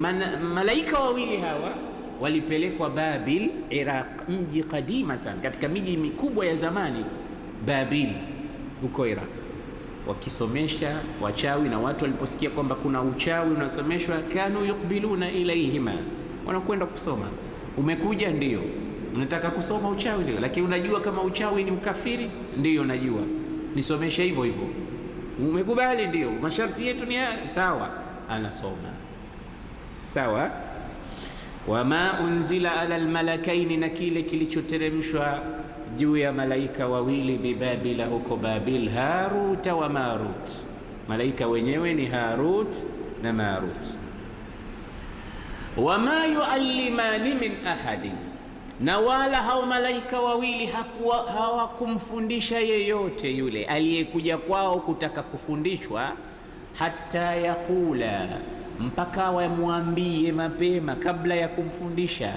Man, malaika wawili hawa walipelekwa Babil Iraq, mji kadima sana katika miji mikubwa ya zamani Babil huko Iraq, wakisomesha wachawi na watu waliposikia kwamba kuna uchawi unasomeshwa, kanu yukbiluna ilaihima, wanakwenda kusoma. Umekuja ndio, unataka kusoma uchawi ndio, lakini unajua kama uchawi ni ukafiri? Ndio najua, nisomeshe hivyo hivyo. Umekubali? Ndio, masharti yetu ni haya. Sawa, anasoma sawa. Wama unzila ala lmalakaini na kile kilichoteremshwa juu ya malaika wawili bibabila, huko Babil, Haruta wa Marut. Malaika wenyewe ni Harut na Marut. Wama yuallimani min ahadin, na wala hao malaika wawili hawakumfundisha yeyote yule aliyekuja kwao kutaka kufundishwa, hata yakula mpaka wamwambie mapema kabla ya kumfundisha,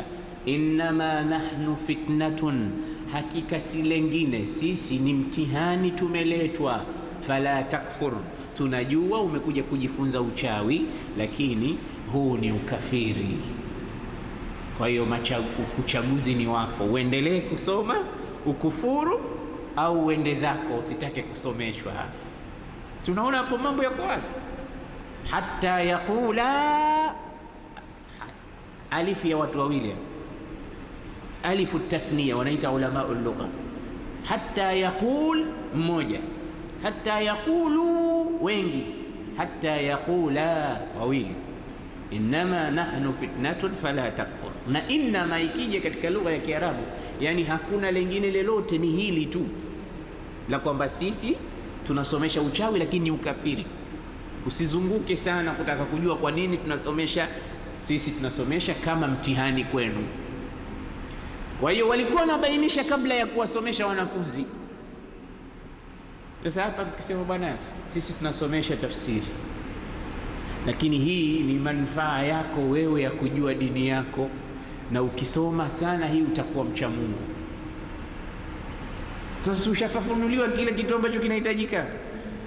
innama nahnu fitnatun, hakika si lengine sisi ni mtihani tumeletwa. Fala takfur, tunajua umekuja kujifunza uchawi, lakini huu ni ukafiri. Kwa hiyo uchaguzi ni wako, uendelee kusoma ukufuru au uende zako, usitake kusomeshwa. Si unaona hapo mambo ya kwanza? حتى يقول ألف يا وتوويلي يعني. ألف التثنية ونيت علماء اللغة حتى يقول موجة حتى يقول وينجي حتى يقول وويلي إنما نحن فتنة فلا تكفر نا إنما يكيجي كتك لغة يا كيرابو يعني هكونا لنجين للوت نهيلي تو لكم بسيسي تنصمش أوشاوي لكن يكفيري Usizunguke sana kutaka kujua kwa nini tunasomesha. Sisi tunasomesha kama mtihani kwenu. Kwa hiyo walikuwa wanabainisha kabla ya kuwasomesha wanafunzi. Sasa hapa tukisema bwana, sisi tunasomesha tafsiri, lakini hii ni manufaa yako wewe ya kujua dini yako, na ukisoma sana hii utakuwa mcha Mungu. Sasa ushafafunuliwa kile kitu ambacho kinahitajika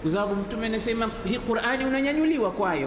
kwa sababu Mtume anasema hii Qur'ani unanyanyuliwa kwayo.